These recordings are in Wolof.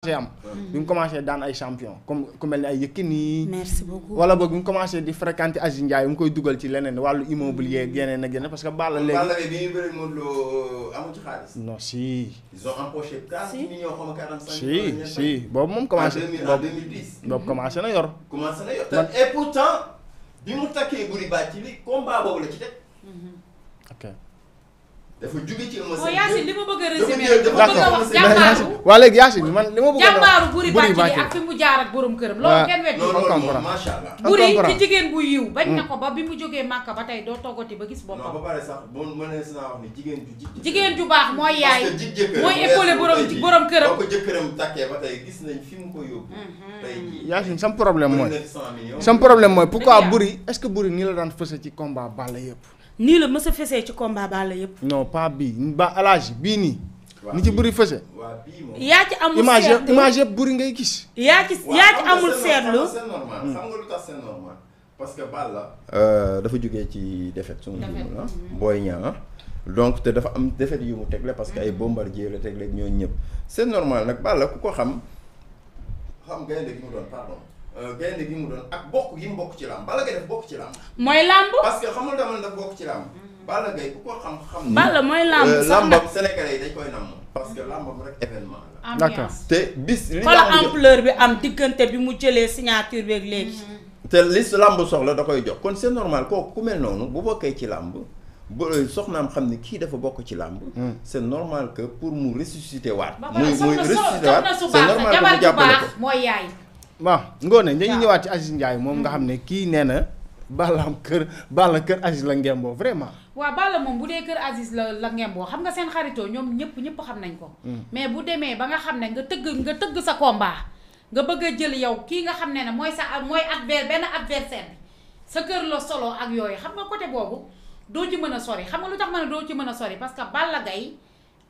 Mm. bi mu commencé daan ay champion comme ku mel ni ay Yékini merci beaucoup wala bi mu commencé di fréquenter Aziz Ndiaye mu koy dugal ci leneen wàllu immobilier mm. yeneen ak yeneen parce que Balla léegi euh, si ils si si boobu moom commencé en boobu commencé na yor commencé bi mu takkee buri dafa jóge ci Eumeu Sène. Yacine li ma bëgg a résumé bëgg a jàmbaaru. waa léegi Yacine a wax jàmbaaru Boury Bathily ak fi mu jaar ak borom këram. loolu kenn weddi loolu jigéen bu yiw bañ na mm. ko ba bi mu jógee Màkka ba tey doo toggati ba gis boppam. ba pare sax boo mënees naa jigéen ju ju baax mooy yaay mooy épaulé borom borom këram. boo ko jëkkëram gis nañ fi mu ko yóbbu. Mm-hmm. tey jii Yacine sam problème mooy sam problème mooy pourquoi Boury est-ce nii la daan fësa ci combat Balla yëpp nii la mës a fesee ci combat ba la yëpp. non pas bii ba alage bii nii. ni ci bëri fese. yaa ci amul seetlu ngay gis. lu parce que Balla euh, dafa jógee ci défaite su ma juumul ah. Boy ah. donc te dafa am défaite yu mu tegle parce que ay bombardier la tegle ñooñu ñëpp c'est normal nag Balla ku ko xam. benn euh, bi mu doon ak bokk yi mu bokk ci làmb Balla Gaye daf bokk ci làmb mooy làmb parce que xamul dama daf bokk ci làmb mm. Balla Gaye ku ko xam-xam Balla mooy làmb euh, làmb parce que làmbam rek événement la d'accord te bis li bi am diggante bi mu jëlee signature beeg léegi mm-hmm. te soxla da koy jox kon see normal kooku ku mel noonu bu bokkee ci làmb bu euh, soxnaam xam ne kii dafa bokk ci làmb mm. c'est normal que pour mu ressusciter waat muy muy ressusciter waat c'est normal que mu mooy yaay waaw Ngone dañuy ñëwaat ci Aziz Ndiaye moom nga xam ne mm-hmm. kii nee na Balla kër Balla kër Aziz la ngemboo vraiment. waa Balla moom bu dee kër Aziz la la ngemboo xam nga seen xaritoo ñoom ñëpp ñëpp xam nañ ko. Mm. mais bu demee ba nga xam ne nga tëgg nga tëgg sa combat nga bëgg a jël yow kii nga xam ne ne mooy sa mooy adver benn adversaire bi sa kër la solo ak yooyu xam nga côté boobu doo ci mën a sori xam nga lu tax ma ne doo ci mën a sori parce que Balla Gaye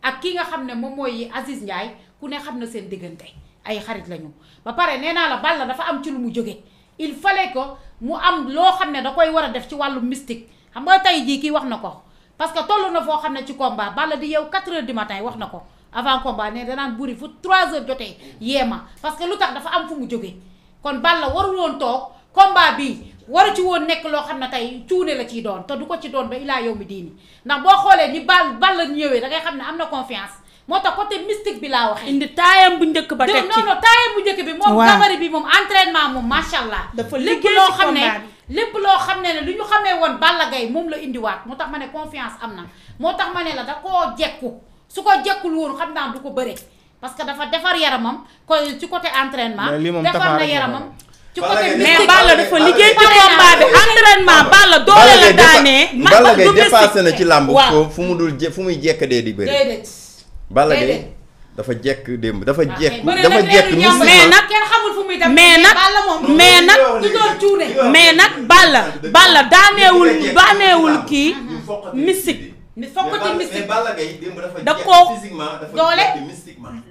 ak kii nga xam ne moom mooy Aziz Ndiaye ku ne xam na seen diggante. ay xarit lañu ba pare nee naa la Balla dafa am ci lu mu jóge il fallait que mu am loo xam ne da koy war a def ci wàllu mystique xam nga tey jii kii wax na ko parce que toll na foo xam ne ci combat Balla di yow 4 heures du matin wax na ko avant combat ne danaan buri fu 3 heures jotee yéema parce que lu tax dafa am fu mu jóge kon Balla waru woon toog combat bi waru ci woon nekk loo xam ne tey cuune la ciy doon te du ko ci doon ba ilaa yow mi diini ndax boo xoolee ni Balla Balla ñëwee da ngay xam ne am na confiance moo tax ko côté mystique bi laa waxee. indi taayam bu njëkk ba teg ci non non taayam bu njëkk bi. moom gabari bi moom entraînement moom macha allah. dafa liggéey loo xam ne lépp loo xam ne ne lu ñu xamee woon Balla Gaye moom la indiwaat moo tax ma ne confiance am na moo tax ma ne da koo jekku su ko jekkul woon xam naa du ko bëre parce que dafa defar yaramam koy ci côté entraînement. defar na yaramam. ci côté mais Balla dafa liggéey ci combat bi entraînement Balla doole la daanee. Balla Gaye dépassé na ci làmb foofu fu mu dul fu muy jekk dee di bëri. Balla Gaye dafa jekk démb dafa ah, jekk dafa jekk mais nag kenn xamul mais nag mais nag mais nag Balla Balla daaneewul daaneewul kii mystique ni foog doole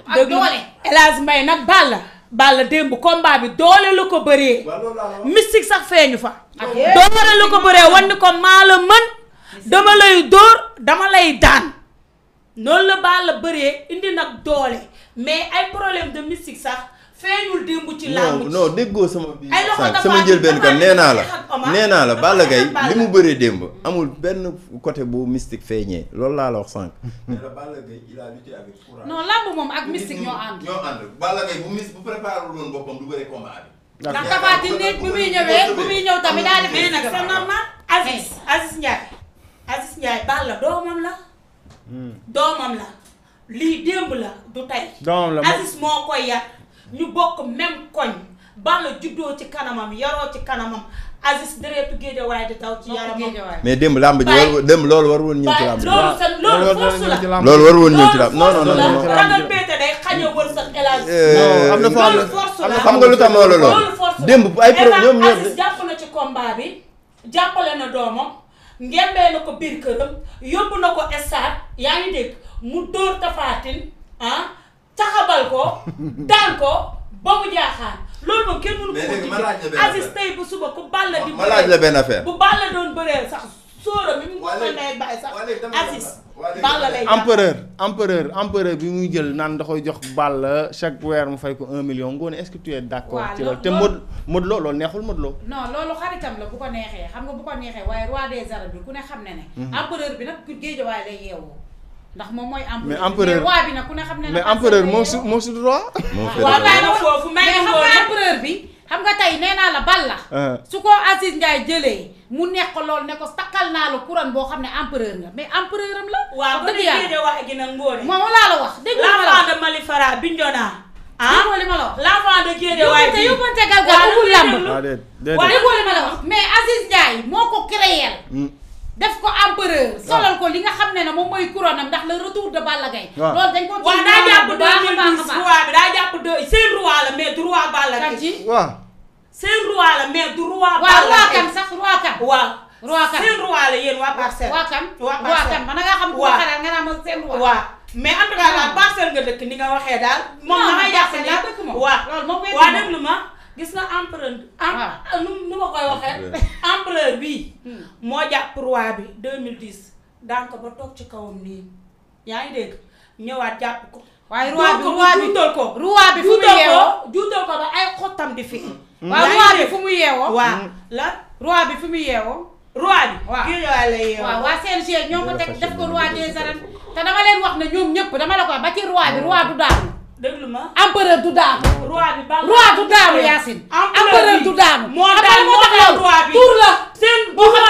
ak doole nag Balla Balla démb combat bi doole la ko bëree mystique sax feeñu fa doole la ko bëree wan ni ko maa la mën dama lay dóor dama lay daan noonu la Balla bëree indi nag doole mais ay problème de mystique sax feeñul démb ci làmb non non déggoo sama bi la nee naa la Balla li mu baree démb amul benn côté bu mystique feeñee loolu laa la wax sànq nee làmb moom ak mystique ñoo ànd ñoo ànd Balla bu mis bu préparé loon boppam du bëree combat bi ndax Tapha Tine muy ñëwee bu muy ñëw tamit daa def nag c'est normal Aziz Aziz Ndiaye Aziz Ndiaye Balla doomam la doomam la lii démb la du tey. doomam la Aziz moo koy yar ñu bokk même koñ Balla juddoo ci kanamam yaroo ci kanamam Aziz dëreetu géeja waaye di taw ci yaramam. mais démb làmb ji war démb loolu war woon ñëw ci làmb ji. loolu sa loolu force la loolu war woon ñëw ci na lu tax loolu loolu. démb ay pro ñoom ñoom jàpp na ci combat bi jàppale na doomam. ngembee na ko biir këram yóbbu na ko stade yaa ngi dégg mu dóor tafaatin ah taxabal ko daan ko ba mu jaaxaan loolu moom kenn mënu ko Aziz tey bu suba ku Balla di ma laaj la benn affaire bu Balla doon bëree sax sóora mi mu mën nay bàyyi sax Aziz Balla lay empereur empereur empereur bi muy jël naan da koy jox Balla chaque weer mu fay ko un million ngoone est-ce que tu ci loolu te Modou Modou Lo loolu neexul Modou Lo non loolu xaritam la bu ko neexee xam nga bu ko neexee waaye roi des bi ku ne xam ne ne empereur bi nag ku géej waaye lay yeewoo ndax moom mooy empereur roi bi nag ku ne xam ne mais empereur moo su moo su roi mais xam nga empereur bi xam nga tey nee naa la bal la uh-huh. su ko Aziz Ndiaye jëlee mu nekk lool ne ko takkal naa la couronne boo xam ne empereur nga mais empereur am la waaw dëgg yàlla wax gi nag laa la wax dégg ma la ah? li ma la wax l'enfant yóbbante galgal ubul lamb déggoo li ma la wax mais xamee moom mooy couronne am ndax le retour de Balla Gaye. waaw dañ ko ci daa jàpp 2010 roi bi daa seen roi la mais du Balla Gaye. ci seen roi la mais du Balla Gaye waaw roi nga xam. waaw xalaat nga naan ma seen roi. waaw. mais en tout cas daal parcelle nga dëkk ni nga waxee daal. moom damay yàq ni laa ma gis nga empereur. waaw ah. nu nu ma koy waxee. empereur bii. Hmm. moo jàpp roi bi 2010. daan ko ba toog ci kawam nii yaa ngi dégg ñëwaat jàpp ko. waaye roi bi roi bi juutal ko roi bi fu mu yeewoo juutal ko ba ay xottam di fi. Mm. Mm. waaw roi bi fu mu yeewoo. waaw mm. la roi bi fu mu yeewoo. roi bi waaw kii la yeewoo. waaw waa CNG ñoo ko teg def ko roi des arènes te dama leen wax ne ñoom ñëpp dama la ko ba ci roi bi roi du daanu. déglu ma empereur du daanu. roi bi baax roi du daanu la seen boo xam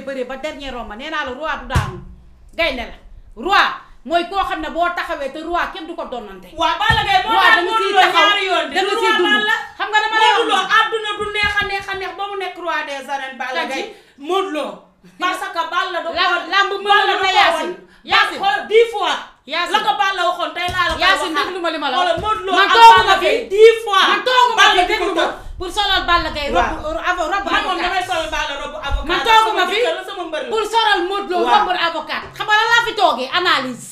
bëree bëree ba dernier roma nee naa la roi du daanu gaynde la roi mooy koo xam ne boo taxawee te roi kenn du ko doonante. waaw Balla Gaye moo daan Modou Lo ñaari yoon de. roi naan la xam nga dama lay wax a a neex ba mu nekk roi lamb Balla do Yaasin la ko Balla waxoon tey laa la ko wax Yaasin déglu ma li ma la wax. Modou Lo ak Balla Gaye dix fois man tooguma fi déglu ma pour solal Balla Gaye robu avocat man moom damay solal Balla robu avocat man tooguma fi pour solal Modou Lo robu avocat xam nga laa fi toogee analyse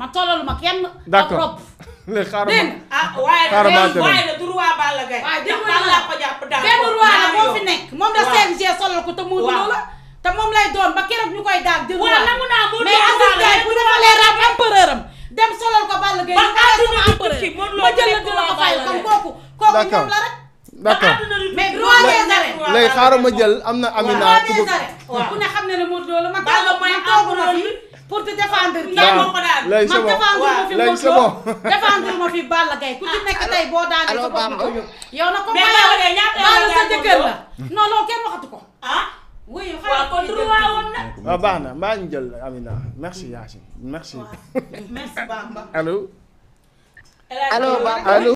man solal ma kenn ak rob léegi xaaral ma ah waaye waaye la du roi Balla Gaye waaye du roi la moo fi nekk moom la CNG solal ko te Modou Lo la te moom lay doon ba keroog ñu koy daal di roi mais Aziz Ndiaye bu dafa lee raam empereur am dem solal ko Balla Gaye ma jël la du la ko fay kon kooku kooku ñoom la rek d'accord mais roi des arènes léegi xaaral ma jël am na Amina. roi des arènes ku ne xam ne ne Modou Lo la ma toog ma toog na fi pour te défendre. waaw léegi c'est bon man défendre ma fi Modou Lo défendre ma fi Balla Gaye ku ci ah, nekk tey boo daanee sa bopp ko yóbbu. yow na ko Balla sa jëkkër la non non kenn waxatu ko. ah oui xaaral kon roi woon na. waaw ah, baax na maa ngi jël Amina merci Yacine merci. merci Bamba allo. allo Bamba allo.